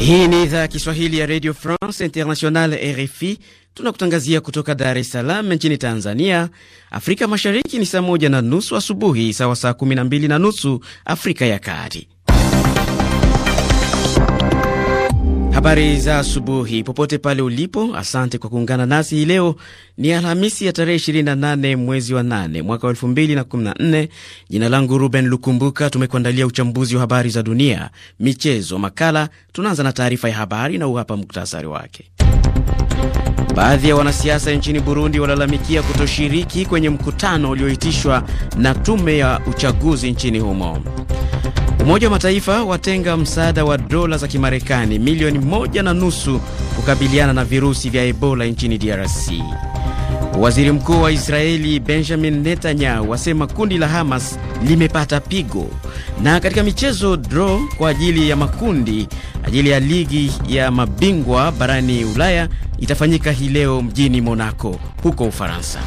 Hii ni idhaa ya Kiswahili ya Radio France international RFI. Tunakutangazia kutoka Dar es Salaam nchini Tanzania. Afrika Mashariki ni saa moja na nusu asubuhi, sawa saa kumi na mbili na nusu Afrika ya Kati. Habari za asubuhi popote pale ulipo, asante kwa kuungana nasi hii leo. Ni Alhamisi ya tarehe 28 mwezi wa 8 mwaka wa 2014. Jina langu Ruben Lukumbuka. Tumekuandalia uchambuzi wa habari za dunia, michezo, makala. Tunaanza na taarifa ya habari na uhapa muktasari wake. Baadhi ya wanasiasa nchini Burundi walalamikia kutoshiriki kwenye mkutano ulioitishwa na tume ya uchaguzi nchini humo. Umoja wa Mataifa watenga msaada wa dola za Kimarekani milioni moja na nusu kukabiliana na virusi vya Ebola nchini DRC. Waziri Mkuu wa Israeli Benjamin Netanyahu wasema kundi la Hamas limepata pigo. Na katika michezo, draw kwa ajili ya makundi ajili ya ligi ya mabingwa barani Ulaya itafanyika hii leo mjini Monaco huko Ufaransa.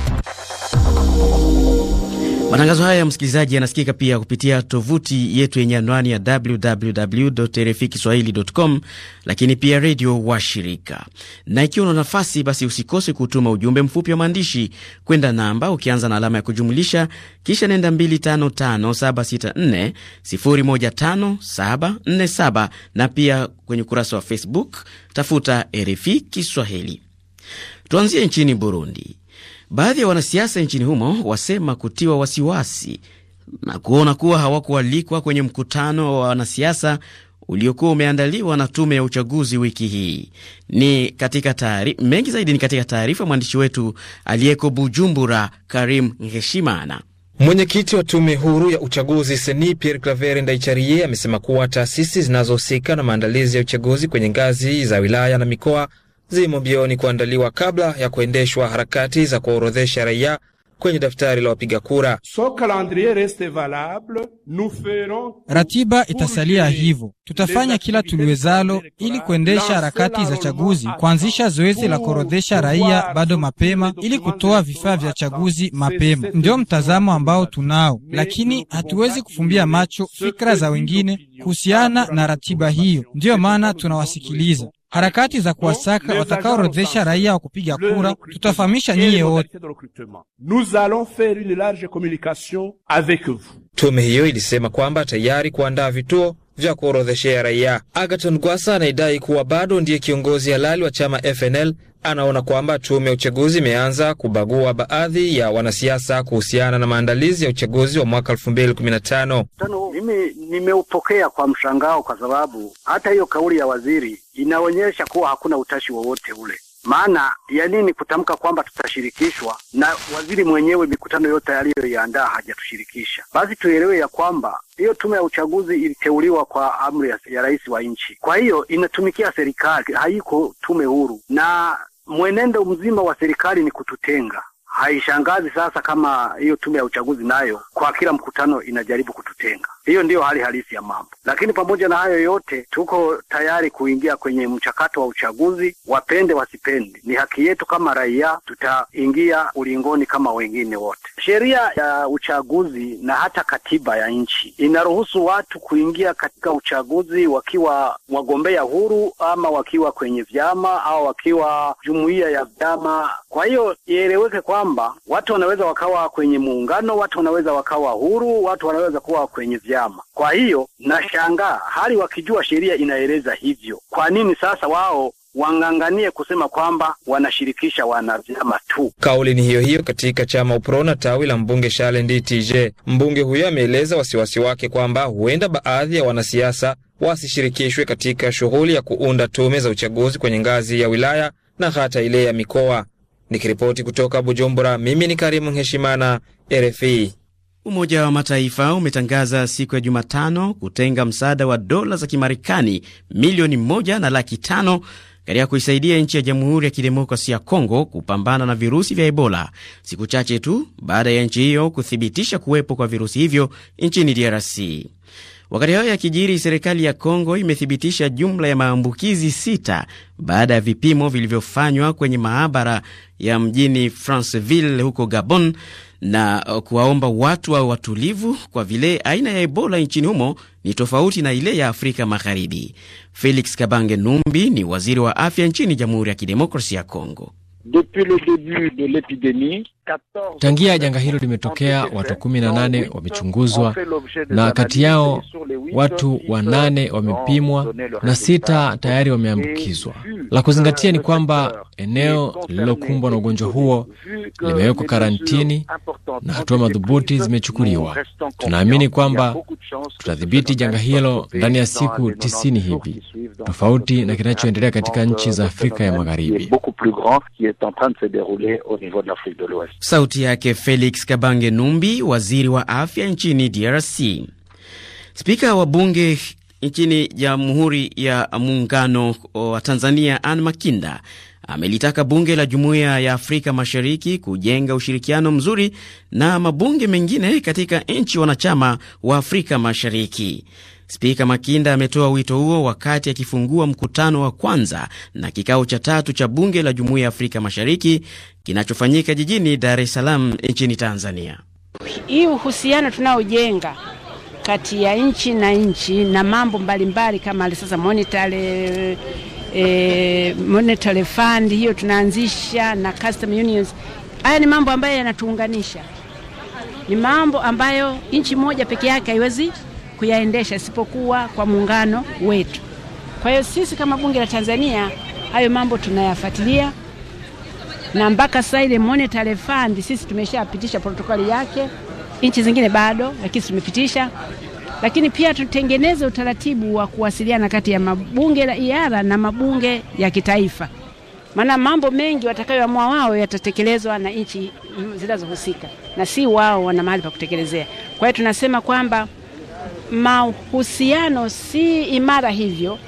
Matangazo haya ya msikilizaji yanasikika pia kupitia tovuti yetu yenye anwani ya www RFI kiswahilicom, lakini pia redio wa shirika. Na ikiwa una nafasi, basi usikose kutuma ujumbe mfupi wa maandishi kwenda namba ukianza na alama ya kujumlisha, kisha nenda 255764015747 na pia kwenye ukurasa wa Facebook tafuta RFI Kiswahili. Tuanzie nchini Burundi. Baadhi ya wanasiasa nchini humo wasema kutiwa wasiwasi na kuona kuwa hawakualikwa kwenye mkutano wa wanasiasa uliokuwa umeandaliwa na tume ya uchaguzi wiki hii. Ni katika taarifa mengi zaidi ni katika taarifa mwandishi wetu aliyeko Bujumbura, Karim Ngeshimana. Mwenyekiti wa tume huru ya uchaguzi Seni Pierre Claver Ndaicharie amesema kuwa taasisi zinazohusika na maandalizi ya uchaguzi kwenye ngazi za wilaya na mikoa zimo mbioni kuandaliwa kabla ya kuendeshwa harakati za kuorodhesha raia kwenye daftari la wapiga kura. Ratiba itasalia hivyo, tutafanya kila tuliwezalo ili kuendesha harakati za chaguzi, kuanzisha zoezi la kuorodhesha raia bado mapema, ili kutoa vifaa vya chaguzi mapema. Ndio mtazamo ambao tunao, lakini hatuwezi kufumbia macho fikra za wengine kuhusiana na ratiba hiyo. Ndiyo maana tunawasikiliza harakati za kuwasaka watakaorodhesha raia wa kupiga kura. Tutafahamisha nyie wote. Tume hiyo ilisema kwamba tayari kuandaa vituo vya kuorodheshea raia. Agaton Gwasa anaidai kuwa bado ndiye kiongozi halali wa chama FNL. Anaona kwamba tume ya uchaguzi imeanza kubagua baadhi ya wanasiasa kuhusiana na maandalizi ya uchaguzi wa mwaka elfu mbili kumi na tano. Mimi nimeupokea kwa mshangao, kwa sababu hata hiyo kauli ya waziri inaonyesha kuwa hakuna utashi wowote ule. Maana ya nini kutamka kwamba tutashirikishwa na waziri mwenyewe mikutano yote aliyoiandaa hajatushirikisha? Basi tuelewe ya kwamba hiyo tume ya uchaguzi iliteuliwa kwa amri ya rais wa nchi, kwa hiyo inatumikia serikali, haiko tume huru, na mwenendo mzima wa serikali ni kututenga. Haishangazi sasa kama hiyo tume ya uchaguzi nayo kwa kila mkutano inajaribu kututenga. Hiyo ndiyo hali halisi ya mambo, lakini pamoja na hayo yote, tuko tayari kuingia kwenye mchakato wa uchaguzi. Wapende wasipende, ni haki yetu kama raia, tutaingia ulingoni kama wengine wote. Sheria ya uchaguzi na hata katiba ya nchi inaruhusu watu kuingia katika uchaguzi wakiwa wagombea huru ama wakiwa kwenye vyama au wakiwa jumuiya ya vyama. Kwa hiyo ieleweke kwamba watu wanaweza wakawa kwenye muungano, watu wanaweza wakawa huru, watu wanaweza kuwa kwenye vyama vyama. Kwa hiyo nashangaa, hali wakijua sheria inaeleza hivyo, kwa nini sasa wao wang'ang'anie kusema kwamba wanashirikisha wanavyama tu. Kauli ni hiyo hiyo katika chama UPRONA tawi la mbunge Charles Nditj. Mbunge huyo ameeleza wasiwasi wake kwamba huenda baadhi ya wanasiasa wasishirikishwe katika shughuli ya kuunda tume za uchaguzi kwenye ngazi ya wilaya na hata ile ya mikoa. Nikiripoti kutoka Bujumbura, mimi ni Karimu Heshimana, RFI. Umoja wa Mataifa umetangaza siku ya Jumatano kutenga msaada wa dola za Kimarekani milioni moja na laki tano katika kuisaidia nchi ya Jamhuri ya Kidemokrasia ya Kongo kupambana na virusi vya Ebola, siku chache tu baada ya nchi hiyo kuthibitisha kuwepo kwa virusi hivyo nchini DRC. Wakati hayo yakijiri, serikali ya Kongo imethibitisha jumla ya maambukizi sita baada ya vipimo vilivyofanywa kwenye maabara ya mjini Franceville huko Gabon, na uh, kuwaomba watu wawe watulivu kwa vile aina ya Ebola nchini humo ni tofauti na ile ya Afrika Magharibi. Felix Kabange Numbi ni waziri wa afya nchini Jamhuri ya Kidemokrasia ya Kongo. Tangia janga hilo limetokea, watu kumi na nane wamechunguzwa na kati yao watu wanane wamepimwa na sita tayari wameambukizwa. La kuzingatia ni kwamba eneo lililokumbwa na ugonjwa huo limewekwa karantini na hatua madhubuti zimechukuliwa. Tunaamini kwamba tutadhibiti janga hilo ndani ya siku tisini hivi, tofauti na kinachoendelea katika nchi za Afrika ya Magharibi est en train de se dérouler au niveau de l'Afrique de l'Ouest. Sauti yake Felix Kabange Numbi, waziri wa afya nchini DRC. Spika wa bunge nchini Jamhuri ya Muungano wa Tanzania Anne Makinda amelitaka bunge la Jumuiya ya Afrika Mashariki kujenga ushirikiano mzuri na mabunge mengine katika nchi wanachama wa Afrika Mashariki. Spika Makinda ametoa wito huo wakati akifungua mkutano wa kwanza na kikao cha tatu cha bunge la Jumuiya ya Afrika Mashariki kinachofanyika jijini Dar es Salaam nchini Tanzania. Hii uhusiano tunaojenga kati ya nchi na nchi na mambo mbalimbali kama sasa monetary, eh, monetary fund hiyo tunaanzisha na custom unions. Haya ni mambo ambayo yanatuunganisha, ni mambo ambayo nchi moja peke yake haiwezi kuyaendesha isipokuwa kwa muungano wetu. Kwa hiyo sisi kama bunge la Tanzania hayo mambo tunayafuatilia, na mpaka sasa ile monetary fund sisi tumeshapitisha protokoli yake, nchi zingine bado, lakini tumepitisha. Lakini pia tutengeneze utaratibu wa kuwasiliana kati ya mabunge la iara na mabunge ya kitaifa, maana mambo mengi watakayoamua wao yatatekelezwa na nchi zinazohusika na si wao wana mahali pa kutekelezea. Kwa hiyo tunasema kwamba mahusiano si imara hivyo.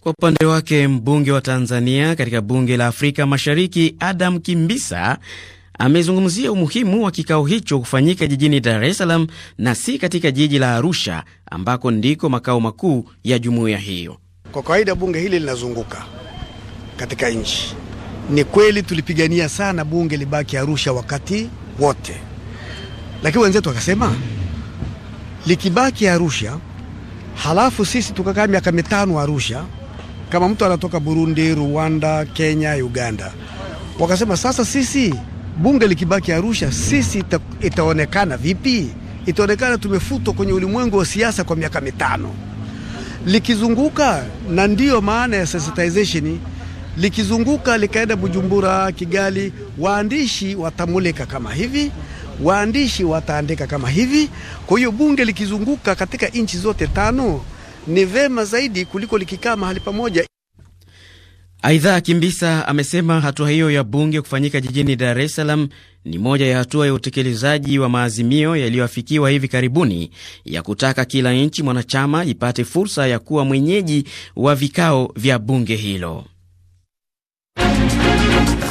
Kwa upande wake mbunge wa Tanzania katika bunge la Afrika Mashariki Adam Kimbisa amezungumzia umuhimu wa kikao hicho kufanyika jijini Dar es Salaam na si katika jiji la Arusha ambako ndiko makao makuu ya jumuiya hiyo. Kwa kawaida bunge hili linazunguka katika nchi. Ni kweli tulipigania sana bunge libaki Arusha wakati wote, lakini wenzetu wakasema likibaki Arusha, halafu sisi tukakaa miaka mitano Arusha, kama mtu anatoka Burundi, Rwanda, Kenya, Uganda, wakasema sasa sisi bunge likibaki Arusha, sisi ita, itaonekana vipi? Itaonekana tumefutwa kwenye ulimwengu wa siasa kwa miaka mitano likizunguka, na ndiyo maana ya sensitization likizunguka likaenda Bujumbura, Kigali, waandishi watamulika kama hivi waandishi wataandika kama hivi. Kwa hiyo bunge likizunguka katika nchi zote tano ni vema zaidi kuliko likikaa mahali pamoja. Aidha, Kimbisa amesema hatua hiyo ya bunge kufanyika jijini Dar es Salaam ni moja ya hatua ya utekelezaji wa maazimio yaliyoafikiwa hivi karibuni ya kutaka kila nchi mwanachama ipate fursa ya kuwa mwenyeji wa vikao vya bunge hilo.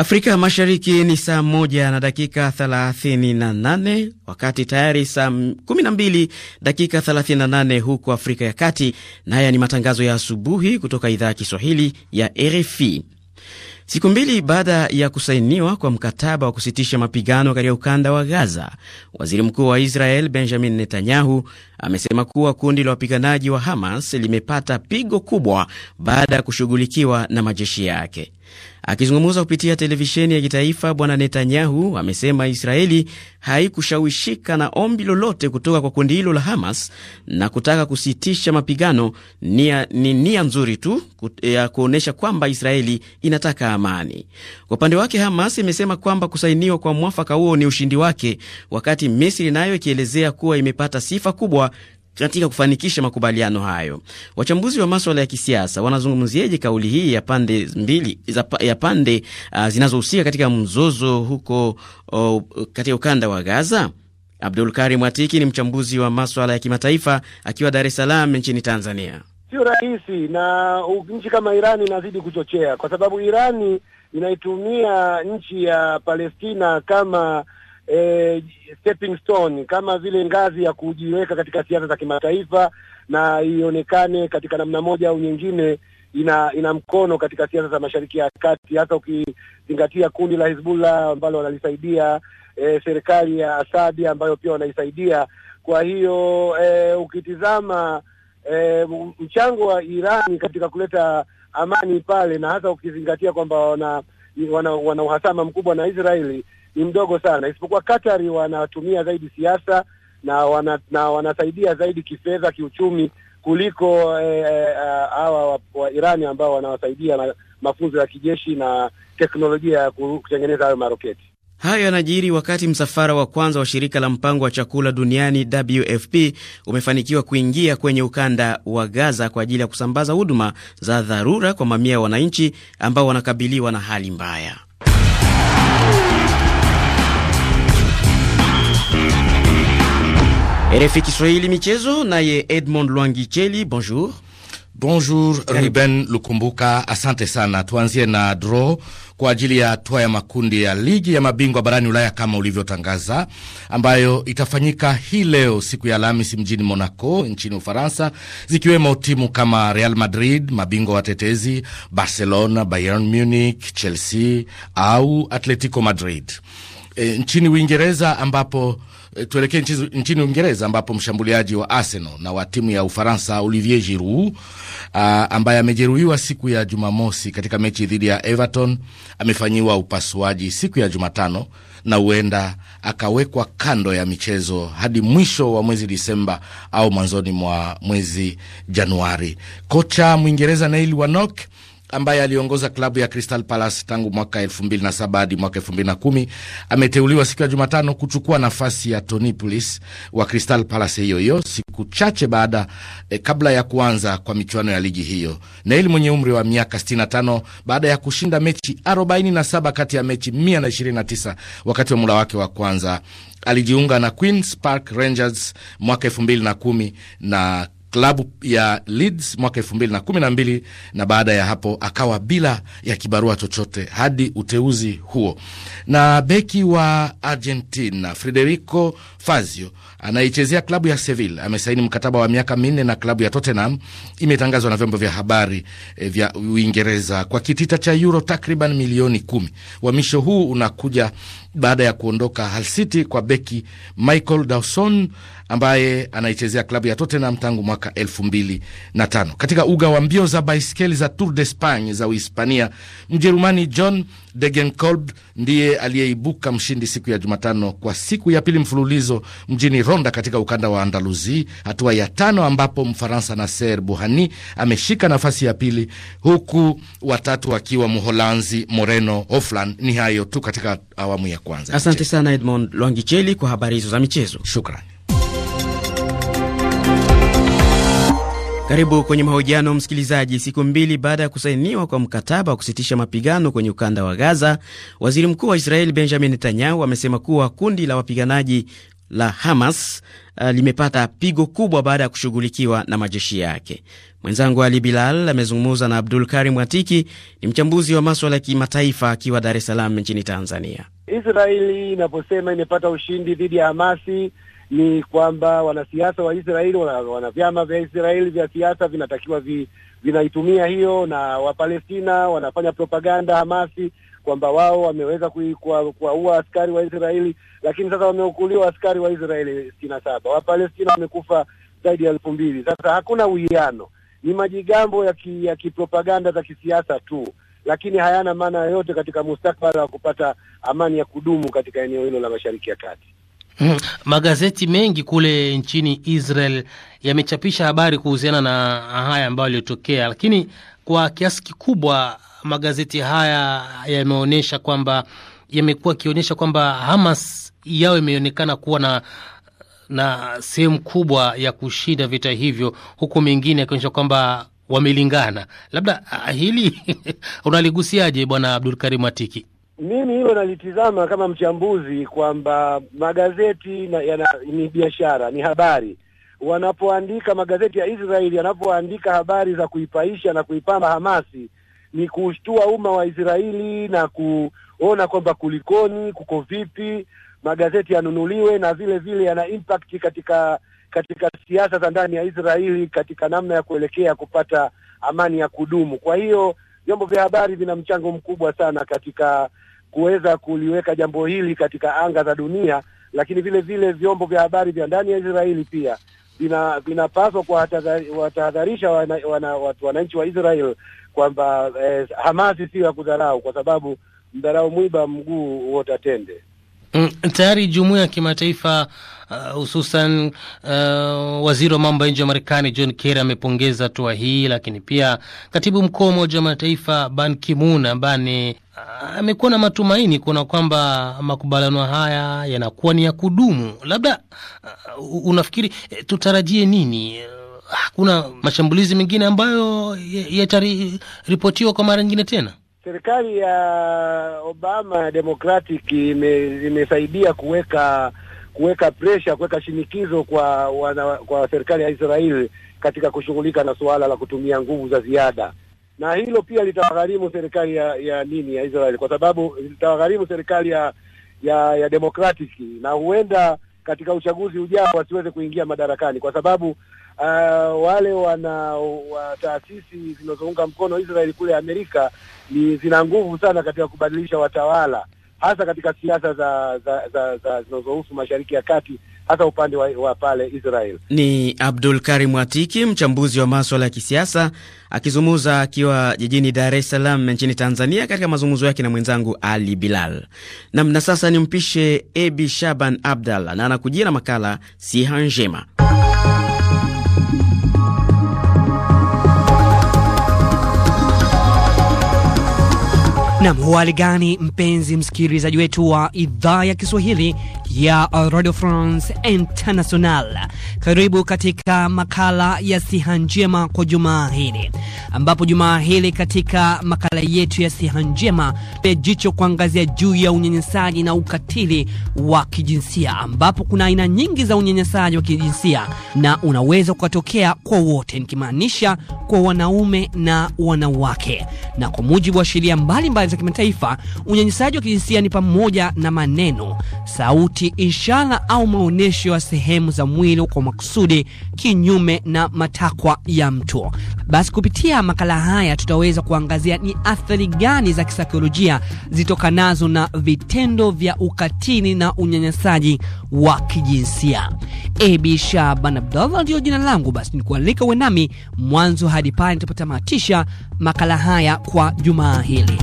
Afrika Mashariki ni saa moja na dakika thelathini na nane wakati tayari saa kumi na mbili dakika thelathini na nane huko Afrika ya Kati, na haya ni matangazo ya asubuhi kutoka idhaa ya Kiswahili ya RFI. Siku mbili baada ya kusainiwa kwa mkataba wa kusitisha mapigano katika ukanda wa Gaza, waziri mkuu wa Israel Benjamin Netanyahu amesema kuwa kundi la wapiganaji wa Hamas limepata pigo kubwa baada ya kushughulikiwa na majeshi yake. Akizungumza kupitia televisheni ya kitaifa, Bwana Netanyahu amesema Israeli haikushawishika na ombi lolote kutoka kwa kundi hilo la Hamas na kutaka kusitisha mapigano nia, ni nia nzuri tu eh, ya kuonyesha kwamba Israeli inataka amani. Kwa upande wake, Hamas imesema kwamba kusainiwa kwa mwafaka huo ni ushindi wake, wakati Misri nayo ikielezea kuwa imepata sifa kubwa katika kufanikisha makubaliano hayo. Wachambuzi wa maswala ya kisiasa wanazungumziaje kauli hii ya pande mbili ya pande uh, zinazohusika katika mzozo huko uh, katika ukanda wa Gaza? Abdul Karim Atiki ni mchambuzi wa maswala ya kimataifa akiwa Dar es Salaam nchini Tanzania. Sio rahisi na nchi kama Irani inazidi kuchochea, kwa sababu Irani inaitumia nchi ya Palestina kama e, stepping stone kama vile ngazi ya kujiweka katika siasa za kimataifa na ionekane katika namna moja au nyingine ina ina mkono katika siasa za Mashariki ya Kati, hasa ukizingatia kundi la Hizbullah ambalo wanalisaidia e, serikali ya Asadi ambayo pia wanaisaidia. Kwa hiyo e, ukitizama e, mchango wa Irani katika kuleta amani pale na hasa ukizingatia kwamba wana wana, wana uhasama mkubwa na Israeli ni mdogo sana, isipokuwa Katari wanatumia zaidi siasa na, wana, na wanasaidia zaidi kifedha, kiuchumi kuliko eh, eh, hawa eh, wa Irani ambao wanawasaidia na mafunzo ya kijeshi na teknolojia ya kutengeneza hayo maroketi. Hayo yanajiri wakati msafara wa kwanza wa shirika la mpango wa chakula duniani WFP umefanikiwa kuingia kwenye ukanda wa Gaza kwa ajili ya kusambaza huduma za dharura kwa mamia ya wananchi ambao wanakabiliwa na hali mbaya. RFI Kiswahili Michezo, naye Edmond Lwangi bonjour. Bonjour Ruben Lukumbuka, asante sana. Tuanzie na draw kwa ajili ya hatua ya makundi ya ligi ya mabingwa barani Ulaya kama ulivyotangaza, ambayo itafanyika hii leo siku ya Alhamisi mjini Monaco nchini Ufaransa, zikiwemo timu kama Real Madrid, mabingwa watetezi, Barcelona, Bayern Munich, Chelsea au Atletico Madrid. E, nchini Uingereza ambapo Eh, tuelekee nchini Uingereza ambapo mshambuliaji wa Arsenal na wa timu ya Ufaransa Olivier Giroud ah, ambaye amejeruhiwa siku ya Jumamosi katika mechi dhidi ya Everton amefanyiwa upasuaji siku ya Jumatano na huenda akawekwa kando ya michezo hadi mwisho wa mwezi Disemba au mwanzoni mwa mwezi Januari. Kocha Mwingereza Neil Warnock ambaye aliongoza klabu ya Crystal Palace tangu mwaka 2007 hadi mwaka 2010 ameteuliwa siku ya Jumatano kuchukua nafasi ya Tony Pulis wa Crystal Palace hiyo hiyo siku chache baada eh, kabla ya kuanza kwa michuano ya ligi hiyo. Neil mwenye umri wa miaka 65 baada ya kushinda mechi 47 kati ya mechi 129 wakati wa muda wake wa kwanza alijiunga na Queens Park Rangers mwaka 2010 na klabu ya Leeds mwaka 2012 na baada ya hapo akawa bila ya kibarua chochote hadi uteuzi huo. Na beki wa Argentina Federico Fazio anayechezea klabu ya Seville amesaini mkataba wa miaka minne na klabu ya Tottenham, imetangazwa na vyombo vya habari e, vya Uingereza kwa kitita cha euro takriban milioni kumi. Uhamisho huu unakuja baada ya kuondoka Hull City kwa beki Michael Dawson ambaye anaichezea klabu ya Tottenham tangu mwaka elfu mbili na tano. Katika uga wa mbio za baiskeli za Tour de Spagne za Uhispania, Mjerumani John Degenkolb ndiye aliyeibuka mshindi siku ya Jumatano kwa siku ya pili mfululizo mjini Ronda katika ukanda wa andaluzi hatua ya tano, ambapo Mfaransa ser Buhani ameshika nafasi ya pili, huku watatu akiwa Mholanzi Moreno Hofland. Ni hayo tu katika awamu ya kwanza. Asante sana Edmond Lwangicheli kwa habari hizo za michezo, shukran. Karibu kwenye mahojiano msikilizaji. Siku mbili baada ya kusainiwa kwa mkataba wa kusitisha mapigano kwenye ukanda wa Gaza, waziri mkuu wa Israeli Benjamin Netanyahu amesema kuwa kundi la wapiganaji la Hamas uh, limepata pigo kubwa baada ya kushughulikiwa na majeshi yake. Mwenzangu Ali Bilal amezungumza na Abdul Karim Watiki, ni mchambuzi wa maswala ya kimataifa akiwa Dar es Salaam nchini Tanzania. Israeli inaposema imepata ushindi dhidi ya Hamasi ni kwamba wanasiasa wa Israeli wana, wana vyama vya Israeli vya siasa vinatakiwa vi, vinaitumia hiyo, na Wapalestina wanafanya propaganda Hamasi kwamba wao wameweza kuwaua askari wa Israeli, lakini sasa wameukuliwa askari wa Israeli sitini na saba Wapalestina wamekufa zaidi ya elfu mbili. Sasa hakuna uwiano, ni majigambo ya, ki, ya kipropaganda za kisiasa tu, lakini hayana maana yoyote katika mustakabali wa kupata amani ya kudumu katika eneo hilo la Mashariki ya Kati. Mhm. Magazeti mengi kule nchini Israel yamechapisha habari kuhusiana na haya ambayo yaliyotokea, lakini kwa kiasi kikubwa magazeti haya yameonyesha kwamba yamekuwa akionyesha kwamba Hamas yao imeonekana kuwa na na sehemu kubwa ya kushinda vita hivyo, huku mengine yakionyesha kwamba wamelingana. Labda ah, hili unaligusiaje, Bwana Abdul Karim Atiki? mimi hilo nalitizama kama mchambuzi kwamba magazeti na, na, ni biashara, ni habari. Wanapoandika magazeti ya Israeli yanapoandika habari za kuipaisha na kuipamba Hamasi ni kushtua umma wa Israeli na kuona kwamba kulikoni, kuko vipi, magazeti yanunuliwe, na vile vile yana impact katika katika siasa za ndani ya Israeli, katika namna ya kuelekea kupata amani ya kudumu. Kwa hiyo vyombo vya habari vina mchango mkubwa sana katika kuweza kuliweka jambo hili katika anga za dunia, lakini vile vile vyombo vya habari vya ndani ya Israeli pia vinapaswa kuwatahadharisha wananchi wana, wana wa Israel kwamba eh, Hamasi sio ya kudharau, kwa sababu mdharau mwiba mguu wote atende Mm, tayari jumuiya ya kimataifa uh, hususan uh, uh, waziri wa mambo ya nje wa Marekani John Kerry amepongeza hatua hii, lakini pia katibu mkuu wa Umoja wa Mataifa Ban Ki-moon ambaye uh, amekuwa uh, na matumaini kuona kwamba makubaliano haya yanakuwa ni ya kudumu. Labda uh, unafikiri uh, tutarajie nini? Uh, hakuna uh, mashambulizi mengine ambayo yataripotiwa kwa mara nyingine tena? Serikali ya Obama Democratic ime, imesaidia kuweka kuweka pressure kuweka shinikizo kwa wana, kwa serikali ya Israel katika kushughulika na suala la kutumia nguvu za ziada, na hilo pia litawagharimu serikali ya, ya nini ya Israel kwa sababu litawagharimu serikali ya ya, ya Democratic na huenda katika uchaguzi ujao wasiweze kuingia madarakani kwa sababu uh, wale wana wa taasisi zinazounga mkono Israeli kule Amerika ni zina nguvu sana katika kubadilisha watawala, hasa katika siasa za za za, za zinazohusu Mashariki ya Kati hasa upande wa, wa pale Israel. Ni Abdul Karim Atiki, mchambuzi wa maswala ya kisiasa akizungumza akiwa jijini Dar es Salaam nchini Tanzania, katika mazungumzo yake na mwenzangu Ali Bilal nam. Na sasa nimpishe Ebi Shaban Abdallah na anakujia na makala Siha Njema. Nam gani mpenzi msikilizaji wetu wa idhaa ya Kiswahili ya Radio France International, karibu katika makala ya siha njema kwa jumaa hili, ambapo jumaa hili katika makala yetu ya siha njema pe jicho kuangazia juu ya unyanyasaji na ukatili wa kijinsia, ambapo kuna aina nyingi za unyanyasaji wa kijinsia na unaweza ukatokea kwa wote, nikimaanisha kwa wanaume na wanawake, na kwa mujibu wa sheria mbalimbali za kimataifa, unyanyasaji wa kijinsia ni pamoja na maneno, sauti, ishara au maonyesho ya sehemu za mwili kwa makusudi kinyume na matakwa ya mtu. Basi kupitia makala haya tutaweza kuangazia ni athari gani za kisaikolojia zitokanazo na vitendo vya ukatili na unyanyasaji wa kijinsia. ab Shaban Abdallah ndiyo jina langu, basi ni kualika uwe nami mwanzo hadi pale nitapotamatisha makala haya kwa jumaa hili.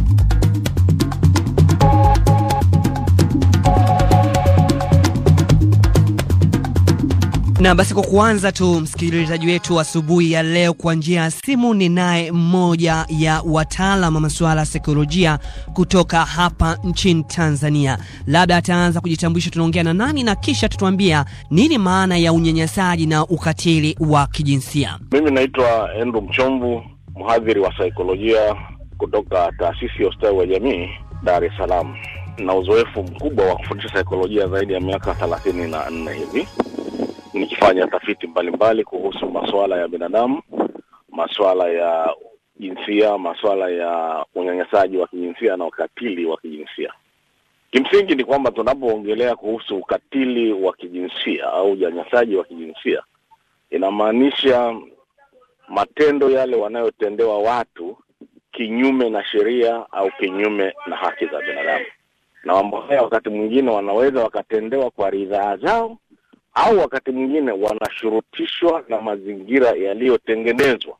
Na basi kwa kuanza tu, msikilizaji wetu asubuhi ya leo kwa njia ya simu, ni naye mmoja ya wataalam wa masuala ya saikolojia kutoka hapa nchini Tanzania. Labda ataanza kujitambulisha, tunaongea na nani, na kisha tutuambia nini maana ya unyanyasaji na ukatili wa kijinsia. Mimi naitwa Andrew Mchomvu, mhadhiri wa saikolojia kutoka taasisi ya ustawi wa jamii Dar es Salaam, na uzoefu mkubwa wa kufundisha saikolojia zaidi ya miaka thelathini na nne hivi kufanya tafiti mbalimbali kuhusu masuala ya binadamu, masuala ya jinsia, masuala ya unyanyasaji wa kijinsia na ukatili wa kijinsia. Kimsingi ni kwamba tunapoongelea kuhusu ukatili wa kijinsia au unyanyasaji wa kijinsia, inamaanisha matendo yale wanayotendewa watu kinyume na sheria au kinyume na haki za binadamu, na mambo haya wakati mwingine wanaweza wakatendewa kwa ridhaa zao au wakati mwingine wanashurutishwa na mazingira yaliyotengenezwa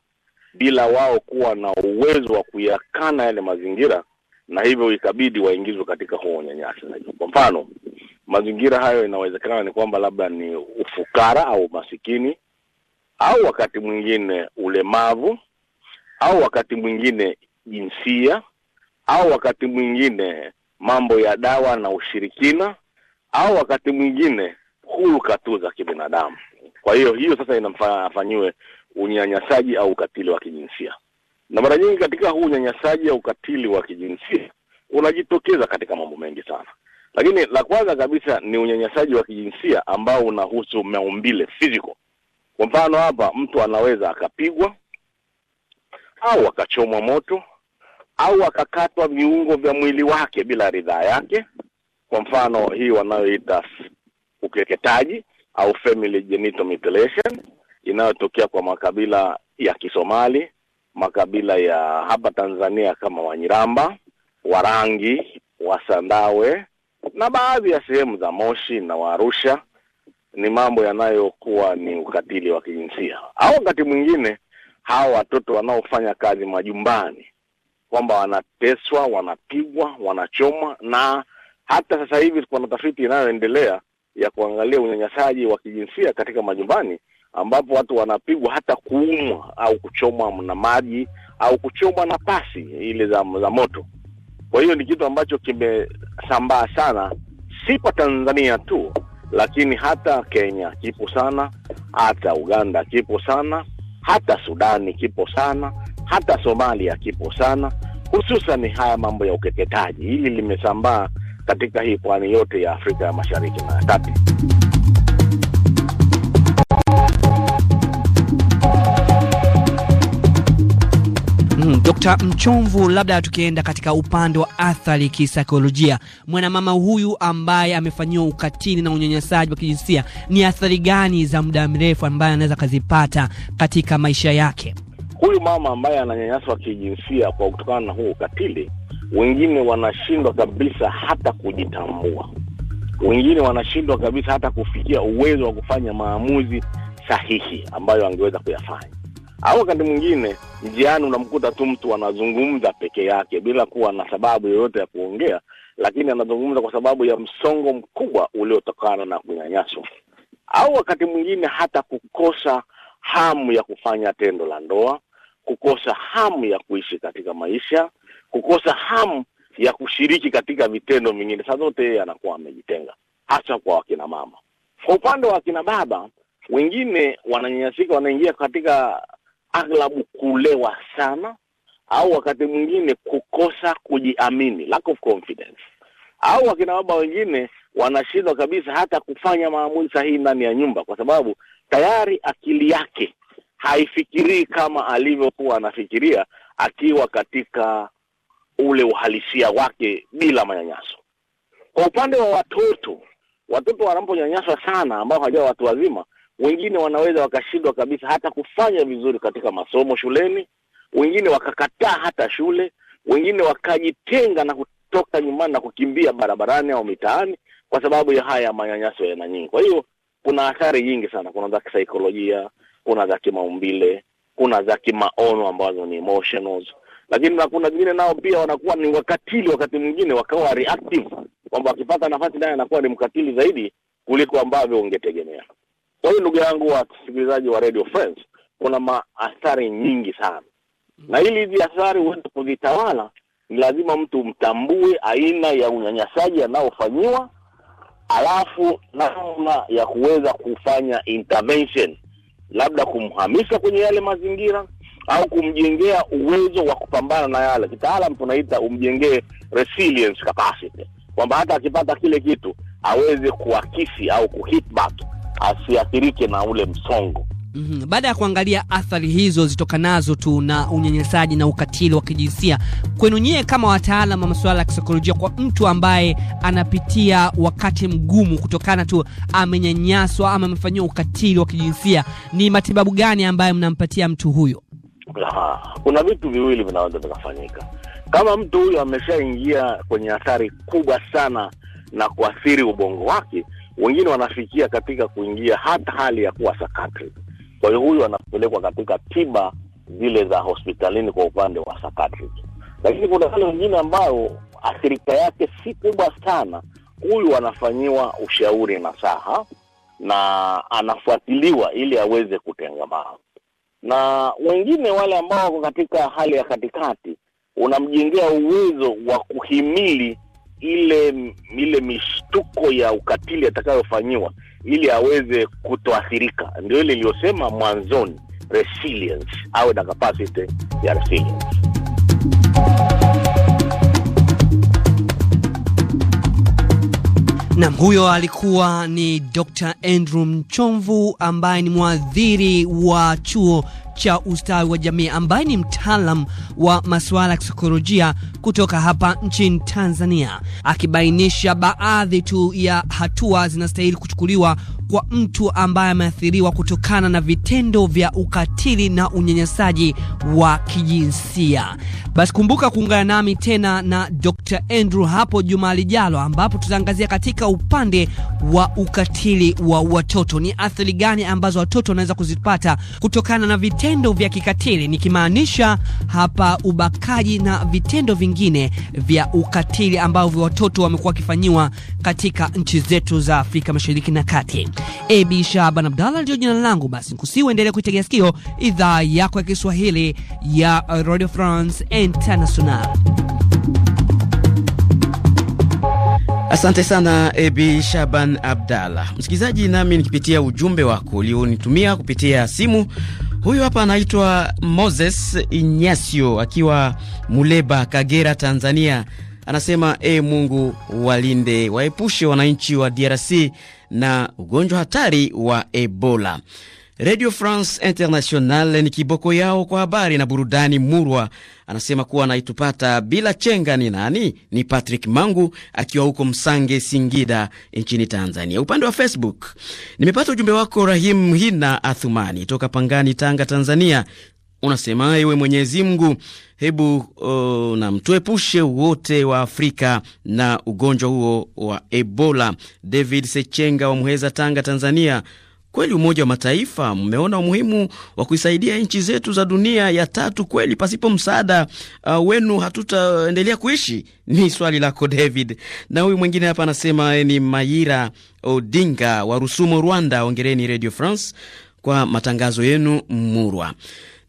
bila wao kuwa na uwezo wa kuyakana yale mazingira, na hivyo ikabidi waingizwe katika huo unyanyasi. Kwa mfano, mazingira hayo inawezekana ni kwamba labda ni ufukara au masikini, au wakati mwingine ulemavu, au wakati mwingine jinsia, au wakati mwingine mambo ya dawa na ushirikina, au wakati mwingine hulka tu za kibinadamu. Kwa hiyo hiyo sasa inamfanya afanyiwe unyanyasaji au ukatili wa kijinsia, na mara nyingi katika huu unyanyasaji au ukatili wa kijinsia unajitokeza katika mambo mengi sana, lakini la kwanza kabisa ni unyanyasaji wa kijinsia ambao unahusu maumbile physical. Kwa mfano, hapa mtu anaweza akapigwa au akachomwa moto au akakatwa viungo vya mwili wake bila ridhaa yake. Kwa mfano hii wanayoita ukeketaji au family genital mutilation inayotokea kwa makabila ya Kisomali, makabila ya hapa Tanzania kama Wanyiramba, Warangi, Wasandawe na baadhi ya sehemu za Moshi na Waarusha. Ni mambo yanayokuwa ni ukatili wa kijinsia, au wakati mwingine hawa watoto wanaofanya kazi majumbani, kwamba wanateswa, wanapigwa, wanachomwa na hata sasa hivi kuna tafiti inayoendelea ya kuangalia unyanyasaji wa kijinsia katika majumbani, ambapo watu wanapigwa hata kuumwa au kuchomwa na maji au kuchomwa na pasi ile za, za moto. Kwa hiyo ni kitu ambacho kimesambaa sana, si kwa Tanzania tu, lakini hata Kenya kipo sana, hata Uganda kipo sana, hata Sudani kipo sana, hata Somalia kipo sana, hususan haya mambo ya ukeketaji. Hili limesambaa katika hii pwani yote ya Afrika ya Mashariki na Kati. Mm, Dkt. Mchomvu, labda tukienda katika upande wa athari kisaikolojia, mwanamama huyu ambaye amefanyiwa ukatili na unyanyasaji wa kijinsia, ni athari gani za muda mrefu ambaye anaweza akazipata katika maisha yake? Huyu mama ambaye ananyanyaswa kijinsia kwa kutokana na huu ukatili wengine wanashindwa kabisa hata kujitambua, wengine wanashindwa kabisa hata kufikia uwezo wa kufanya maamuzi sahihi ambayo angeweza kuyafanya. Au wakati mwingine njiani unamkuta tu mtu anazungumza peke yake bila kuwa na sababu yoyote ya kuongea, lakini anazungumza kwa sababu ya msongo mkubwa uliotokana na kunyanyaswa, au wakati mwingine hata kukosa hamu ya kufanya tendo la ndoa, kukosa hamu ya kuishi katika maisha, kukosa hamu ya kushiriki katika vitendo vingine. Saa zote yeye anakuwa amejitenga, hasa kwa wakina mama. Kwa upande wa wakina baba, wengine wananyanyasika, wanaingia katika aglabu kulewa sana, au wakati mwingine kukosa kujiamini, lack of confidence, au wakina baba wengine wanashindwa kabisa hata kufanya maamuzi sahihi ndani ya nyumba, kwa sababu tayari akili yake haifikirii kama alivyokuwa anafikiria akiwa katika ule uhalisia wake bila manyanyaso. Kwa upande wa watoto, watoto wanaponyanyaswa sana, ambao hawajawa watu wazima, wengine wanaweza wakashindwa kabisa hata kufanya vizuri katika masomo shuleni, wengine wakakataa hata shule, wengine wakajitenga na kutoka nyumbani na kukimbia barabarani au mitaani kwa sababu ya haya manyanyaso yana nyingi. Kwa hiyo kuna athari nyingi sana, kuna za kisaikolojia, kuna za kimaumbile, kuna za kimaono ambazo ni emotionals lakini na kuna zingine nao pia wanakuwa ni wakatili, wakati mwingine wakawa reactive, kwamba akipata nafasi naye anakuwa ni mkatili zaidi kuliko ambavyo ungetegemea. Kwa hiyo ndugu yangu wasikilizaji wa Radio France, kuna maathari nyingi sana na ili hizi athari huweze kuzitawala ni lazima mtu mtambue aina ya unyanyasaji anaofanyiwa, alafu namna ya kuweza kufanya intervention, labda kumhamisha kwenye yale mazingira au kumjengea uwezo wa kupambana na yale, kitaalam tunaita umjengee resilience capacity, kwamba hata akipata kile kitu aweze kuakisi au back, asiathirike na ule msongo. Mm -hmm. Baada ya kuangalia athari hizo zitokanazo tu na unyanyasaji na ukatili wa kijinsia kwenu nyie kama wataalamu wa masuala ya kisaikolojia, kwa mtu ambaye anapitia wakati mgumu kutokana tu amenyanyaswa ama amefanyiwa ukatili wa kijinsia, ni matibabu gani ambayo mnampatia mtu huyo? Kuna vitu viwili vinaweza vikafanyika. Kama mtu huyu ameshaingia kwenye athari kubwa sana na kuathiri ubongo wake, wengine wanafikia katika kuingia hata hali ya kuwa sakatri. Kwa hiyo huyu anapelekwa katika tiba zile za hospitalini kwa upande wa sakatri, lakini kuna wale wengine ambayo athirika yake si kubwa sana, huyu anafanyiwa ushauri na saha na anafuatiliwa ili aweze kutengamaa na wengine wale ambao wako katika hali ya katikati, unamjengea uwezo wa kuhimili ile ile mishtuko ya ukatili atakayofanyiwa ili aweze kutoathirika. Ndio ile iliyosema mwanzoni, resilience, awe na capacity ya resilience. Nam, huyo alikuwa ni Dr. Andrew Mchomvu ambaye ni mwadhiri wa chuo cha ustawi wa jamii ambaye ni mtaalam wa masuala ya kisaikolojia kutoka hapa nchini Tanzania, akibainisha baadhi tu ya hatua zinastahili kuchukuliwa kwa mtu ambaye ameathiriwa kutokana na vitendo vya ukatili na unyanyasaji wa kijinsia. Basi kumbuka kuungana nami tena na Dr. Andrew hapo juma lijalo, ambapo tutaangazia katika upande wa ukatili wa watoto. Ni athari gani ambazo watoto wanaweza kuzipata kutokana na vitendo vya kikatili, nikimaanisha hapa ubakaji na vitendo vingine vya ukatili ambavyo watoto wamekuwa wakifanyiwa katika nchi zetu za Afrika Mashariki na Kati ebi Shaban Abdallah ndio jina langu. Basi nkusiuendelea kuitegea sikio idhaa yako ya Kiswahili ya Radio France International. Asante sana Ebi Shaban Abdallah. Msikilizaji, nami nikipitia ujumbe wako ulionitumia kupitia simu. Huyu hapa anaitwa Moses Inyasio akiwa Muleba, Kagera, Tanzania. Anasema e, Mungu walinde, waepushe wananchi wa DRC na ugonjwa hatari wa Ebola. Radio France International ni kiboko yao kwa habari na burudani. Murwa anasema kuwa anaitupata bila chenga ni nani? Ni Patrick Mangu akiwa huko Msange, Singida nchini Tanzania. Upande wa Facebook nimepata ujumbe wako Rahim Hina Athumani toka Pangani, Tanga, Tanzania unasema ewe Mwenyezi Mungu, hebu uh, na mtuepushe wote wa Afrika na ugonjwa huo wa Ebola. David Sechenga wa Muheza, Tanga, Tanzania. Kweli Umoja wa Mataifa mmeona umuhimu wa kuisaidia nchi zetu za dunia ya tatu. Kweli pasipo msaada uh, wenu hatutaendelea kuishi. Ni swali lako David. Na huyu mwingine hapa anasema ni Mayira Odinga wa Rusumo, Rwanda. Ongereni Radio France kwa matangazo yenu murwa.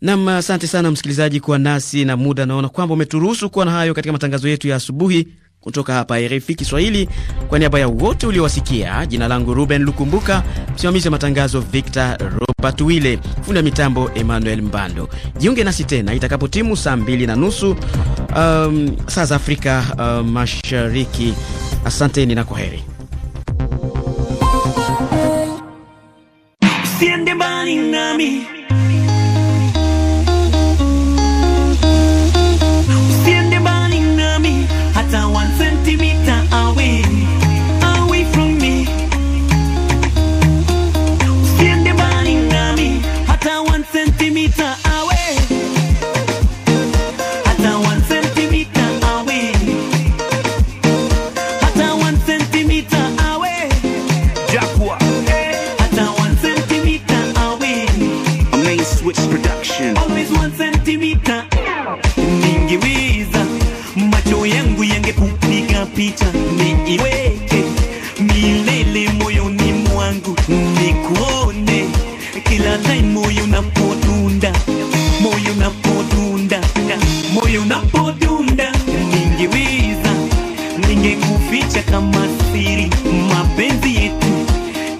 Nam, asante sana msikilizaji kuwa nasi na muda, naona kwamba umeturuhusu kuwa na hayo katika matangazo yetu ya asubuhi kutoka hapa RFI Kiswahili. Kwa niaba ya wote uliowasikia, jina langu Ruben Lukumbuka, msimamizi wa matangazo Victor Robert Wille, fundi mitambo Emmanuel Mbando. Jiunge nasi tena itakapotimu saa mbili na nusu um, saa za Afrika uh, Mashariki. Asanteni na kwa heri. Siende mbali nami ulipodunda ningeweza, ningekuficha kama siri mapenzi yetu,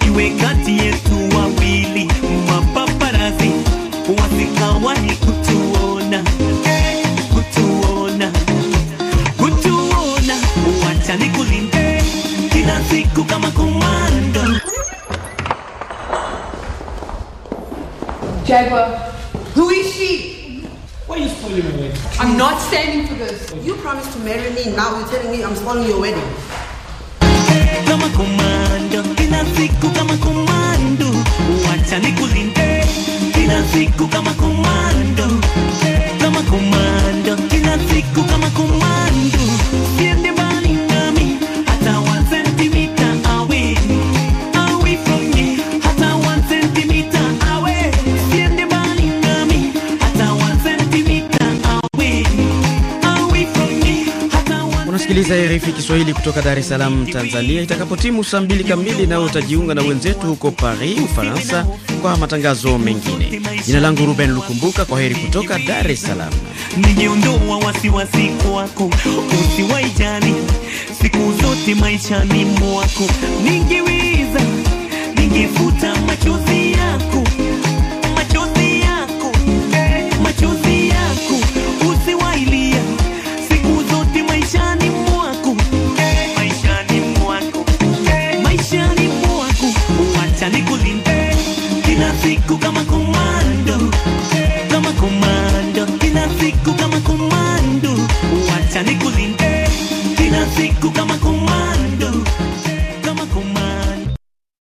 iwe kati yetu wawili, mapaparazi wasikawahi kutuona, eh, kutuona, kutuona, wacha nikulinde kila siku kama kumanda Jaguar. I'm not standing for this. You promised to marry me, now you're telling me I'm spoiling your wedding. Kama komando, kila siku kama komando, wacha nikulinde. Kila siku kama komando, kama komando, kila siku kama komando. kusikiliza RFI Kiswahili kutoka Dar es Salaam, Tanzania. Itakapotimu saa mbili kamili, nawe utajiunga na wenzetu huko Paris, Ufaransa, kwa matangazo mengine. Jina langu Ruben Lukumbuka, kwa heri kutoka Dar es Salaam. Nijiondoa wasiwasi kwako, usiwaijali siku zote maishani mwako, ningiwiza ningifuta machozi